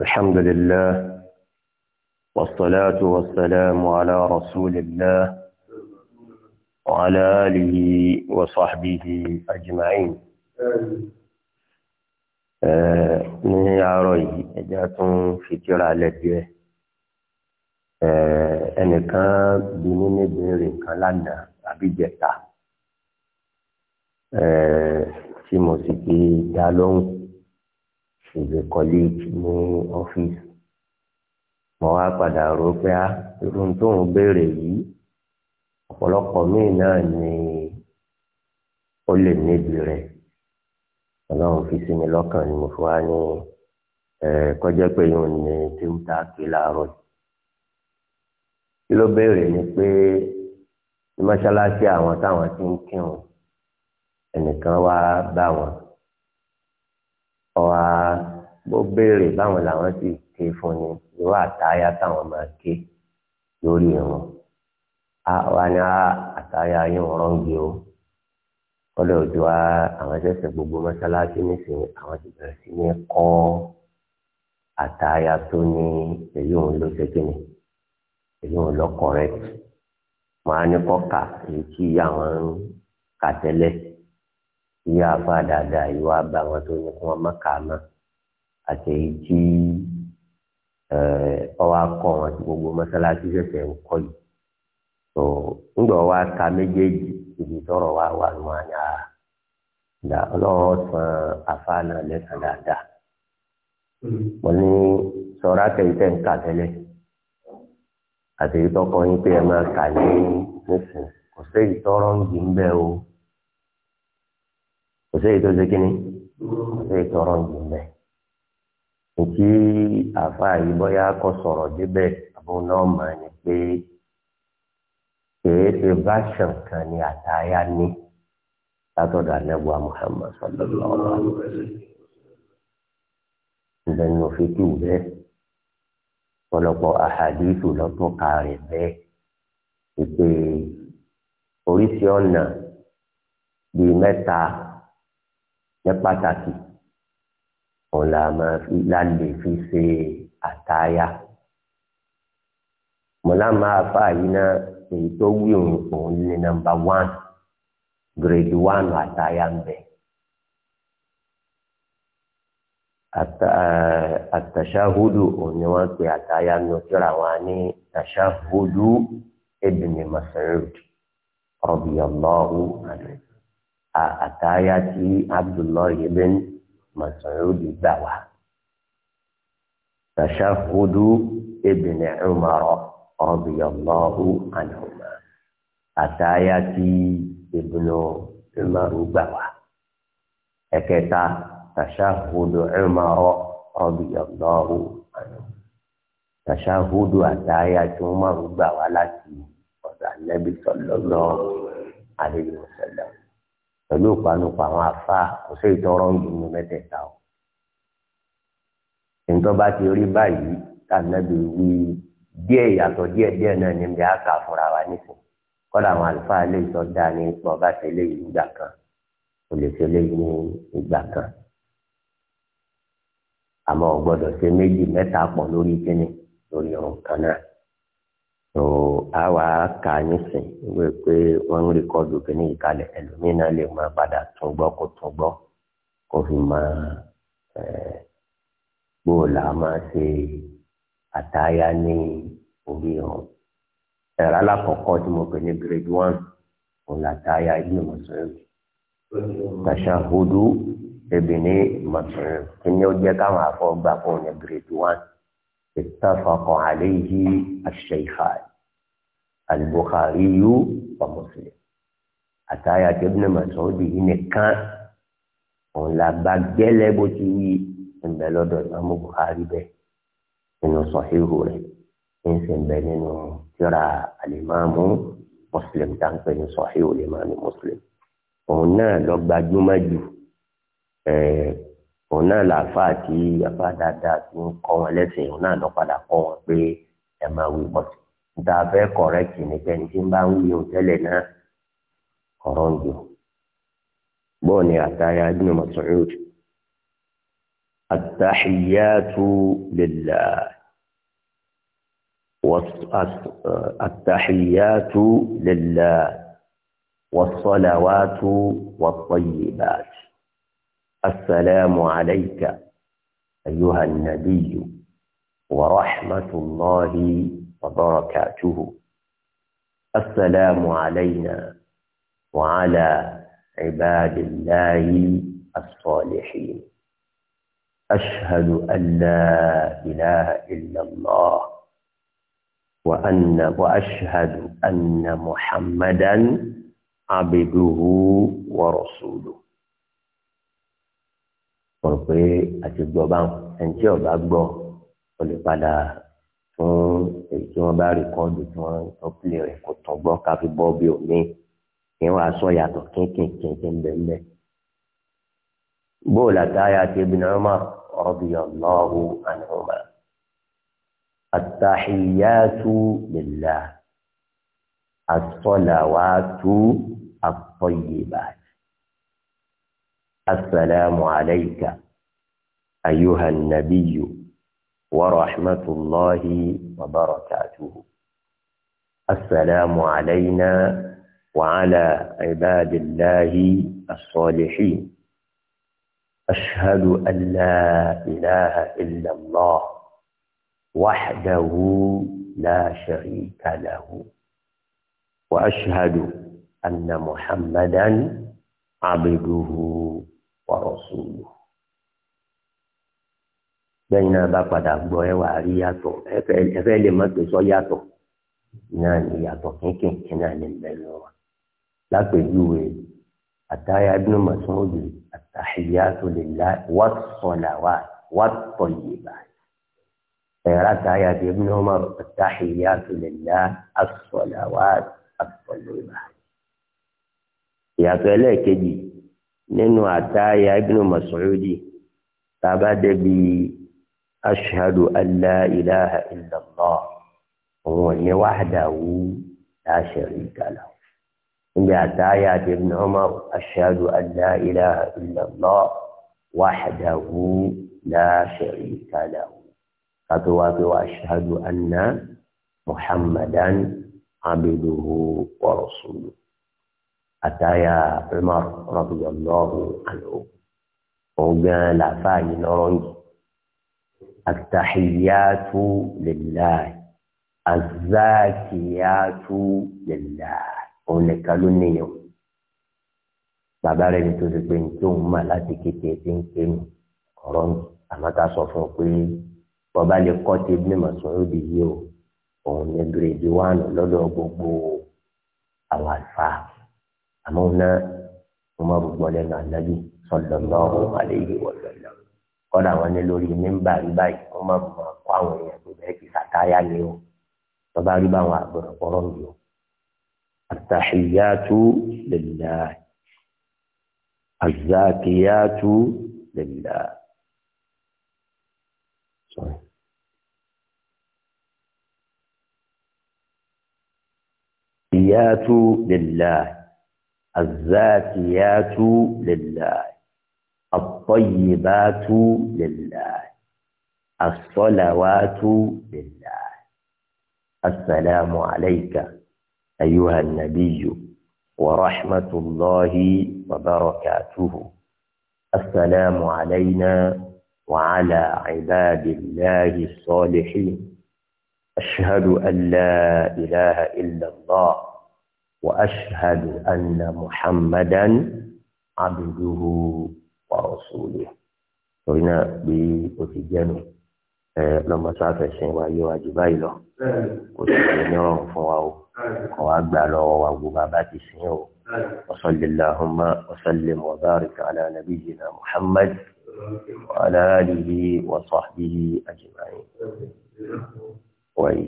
الحمد لله والصلاة والسلام على رسول الله وعلى آله وصحبه أجمعين ní àárọ̀ yìí ẹja tún fìtìrà lẹ́gbẹ̀ẹ́ ẹnìkan bí nínú ìbéèrè kan lánàá àbí jẹta tí mo sì fi dá lóhùn is a colleague ní ọ́fíìsì mo wá padà rò pé á ah, irú tó ń béèrè yìí ọ̀pọ̀lọpọ̀ míì náà ni ó lè níbi rẹ̀ ọlọ́run fi sí mi lọ́kàn ni mo fi wá ní kọjá pé yóò ní tí ó ta kí láàárọ̀ kí ló béèrè ni pé ní mọ́ṣáláṣí àwọn táwọn ti ń kírun ẹnìkan wá bá wọn ọ̀wá bó béèrè báwọn làwọn ti ké fún ni irú àtàyà táwọn máa ké lórí wọn wá ní àtàyà yín rọ́ǹgì o kọ́lẹ̀ òjò wa àwọn ẹsẹ̀sẹ̀ gbogbo mọ́sálásí nísìnyí àwọn ti bẹ̀rẹ̀ sí ní kọ́ àtàyà tó ní èyí òun ló ṣe kí èyí òun lọ correct màá ní kọ́ èyí tí àwọn ń kà tẹ́lẹ̀. ìyá apá dáadáa yìí wá bá wọn tó ní a wọn má kà wọn gbogbo mọ́sálásí ṣẹ̀ṣẹ̀ ń kọ́ yìí tó ka méjèèjì ibi tọrọ wa wà nù da dà Ọlọ́run san afá náà lẹ́san dáadáa mm-hmm. mo ní sọ̀rọ̀ àtẹ̀yìntẹ̀ o. kò sí èyí tó ṣe kínní kò sí èyí tó rọ̀ jù mẹ́. Nkí àfa yìí bóyá kò sọ̀rọ̀ débẹ̀ àbúrò náà mọ̀ ni pé kìí ṣe version kan ni àtàyà ní látọ̀dọ̀ àlẹ́bùwà Muhammad sallallahu alaihi wa sallam. Ìbẹ̀ni òfin kì í bẹ́ẹ̀ ọ̀pọ̀lọpọ̀ àhàdìsù lọ́tún ka rẹ̀ bẹ́ẹ̀ ìpè oríṣi ọ̀nà bíi mẹ́ta ní pàtàkì òun là máa fi lálẹ́ fi ṣe àtayá mọ̀lámà àfa yìí náà èyí tó wí òun òun ní nọ́mbà wán gírèdì wán àtayá ń bẹ. àtàṣáhùdù eh, òun ni wọ́n pe àtayá nù kíra wọn ní tàṣáhùdù ibn Mas'ud radiyallahu anhu àtàyà tí abdullahi bin mas'ud gbà wá. tashahudu ibn umar radiyallahu anhuma àtàyà tí ibn umar gbà wá. ẹ̀kẹta tashahudu umar radiyallahu anhuma tashahudu àtàyà tí umar gbà wá láti ọ̀dọ̀ anabi sallallahu alayhi wa pẹ̀lú ìpanupọ̀ àwọn afá kò sí ìtọ́rọ̀ ń dùn mẹ́tẹ̀ẹ̀ta o. ìtọ́ bá ti rí báyìí tànàbí wí díẹ̀ ìyàtọ̀ díẹ̀ díẹ̀ náà ní bí a kà fúnra wa nísìn kọ́dà àwọn àlùfáà lè sọ dáa ní bọ́ọ̀bá ṣe léyìí nígbà kan kò lè ṣe léyìí ní ìgbà kan. àmọ́ ò ṣe méjì mẹ́ta pọ̀ lórí kíni lórí ọ̀rùn kan náà so àwa kà nísìn wíwé pé wọ́n ń rékọ́dù kínní ìkàlẹ̀ ẹlòmíràn lè máa padà tún gbọ́ kó tún gbọ́ kó fi máa gbóòlà máa ṣe àtayá ní orí ọ̀hún. ẹ̀rọ alákọ̀ọ́kọ́ tí mo pè ní grade one òun làtayá ibi mọ̀sọ̀rọ̀ tàṣàhùdù ebìnrin mọ̀sọ̀rọ̀ kí ni ó jẹ́ káwọn afọ́ gbà fún ní grade one. اتفق عليه الشيخان البخاري ومسلم àtàyà ابن مسعود Mas'ud كان nìkan òun la bá gẹ́lẹ́ bó ti wí ẹ̀ǹbẹ̀ lọ́dọ̀ ìmáàmù Bukhari bẹ́ẹ̀ nínú sọ̀híhù rẹ̀ ń sì ń bẹ nínú tíra àlìmáàmù Muslim táǹpẹ̀ ní sọ̀híhù lè máa Muslim òun náà lọ gbajúmọ̀ jù ẹ̀ẹ́ òun náà làáfàá tí àbá dáadáa tí ń kọ́ wọn lẹ́sìn òun náà lọ padà kọ́ wọn pé ẹ máa wí pọ̀ sí i níta fẹ́ kọ̀rẹ́kì ní pẹ́ni tí ń bá ń wí ohun tẹ́lẹ̀ náà ọ̀rọ̀ ń jò bọ́ọ̀ ni àtàyà Ibn Mas'ud àtàhìyàtú lillah àtàhìyàtú uh, lillah wàsọ̀làwàtú wàtọ̀yìbàt. السلام عليك أيها النبي ورحمة الله وبركاته السلام علينا وعلى عباد الله الصالحين أشهد أن لا إله إلا الله وأن وأشهد أن محمدا عبده ورسوله mo rò pé àti gbọ́ bá ń tí ọba gbọ́ ó lè padà fún èyí tí wọ́n bá rìkọ́ọ̀dù tí wọ́n tó pilẹ̀ rẹ̀ kò tán gbọ́ káfí bọ́ bí òní kí wọ́n aṣọ yàtọ̀ kínkínkínkín bẹ́ẹ̀ bóòlù àtàyà àti ibn Umar radiyallahu anhuma àtàhìyàtú lillah àtọ́làwàtú àtọ́yìbàtú. السلام عليك أيها النبي ورحمة الله وبركاته السلام علينا وعلى عباد الله الصالحين أشهد أن لا إله إلا الله وحده لا شريك له وأشهد أن محمدا عبده wa rasuluhu. bẹ́ẹ̀ náà bá padà gbọ́ ẹ wà rí yàtọ̀ ẹ fẹ́ lè má gbèsò yàtọ̀ náà ní yàtọ̀ kínkìn náà ní bẹ́ẹ̀ lọ wa. lápèjúwe àtàyà ibn Mas'ud àtàhíyàtò lillahi was-salawat wat-tayyibat ẹ̀rọ àtàyà ibn Umar àtàhíyàtò lillahi as-salawat at-tayyibat. ìyàtọ̀ ẹlẹ́ẹ̀kejì nínú àtàyà ibnu Mas'udi tàbá débi ashhadu an la ilaha illallah òun ò ní wahdahu la sharika lahu níbi àtàyà ibn Umar ashhadu an la ilaha illallah wahdahu la sharika lahu kátó wá pé wa ashhadu anna muhammadan abduhu wa rasuluhu àtàyà Umar radiyallahu anhu òun gan làfà yìí lọ́rọ́ yìí àtàhìyàtú lillahi àzákìyàtú lillahi òun nìkan ló níyàn bàbá rẹ̀ nítorí pé ní tóun mà láti kékeré tí ń ké nù ọ̀rọ̀ nù àmọ́ ká sọ fún un pé bọ́ba lè kọ́ ti Ibn Mas'ud yìí o òun ní gírèdì wánù lọ́dọ̀ gbogbo àmọ́ náà mo máa gbọ́ lẹ́nu ànábì sallallahu alaihi wa sallam kọ́dà wọn ní lórí mímbà rí báyìí wọ́n máa bọ̀ kọ́ àwọn èèyàn tó bẹ́ẹ̀ ti sàtáyà ni o tọ́ba rí báwọn àgbọ̀rọ̀ pọ̀rọ̀ mi o. àtàhìyàtú lillah àzàkìyàtú lillah. àtàhìyàtú lillah. الزاكيات لله الطيبات لله الصلوات لله السلام عليك أيها النبي ورحمة الله وبركاته السلام علينا وعلى عباد الله الصالحين أشهد أن لا إله إلا الله وأشهد أن محمدا عبده ورسوله torína bí o ti jẹnu ẹ lọmọ sáfẹ sìn wa yóò wájú báyìí lọ kò sì ṣe ní ọrùn fún wa o kò wá gbà lọ́wọ́ wa gbogbo bàbá ti sìn o wasalilahuma wasalim wa barika ala nabiyina muhammad wa ala alihi wa sahbihi ajma'in.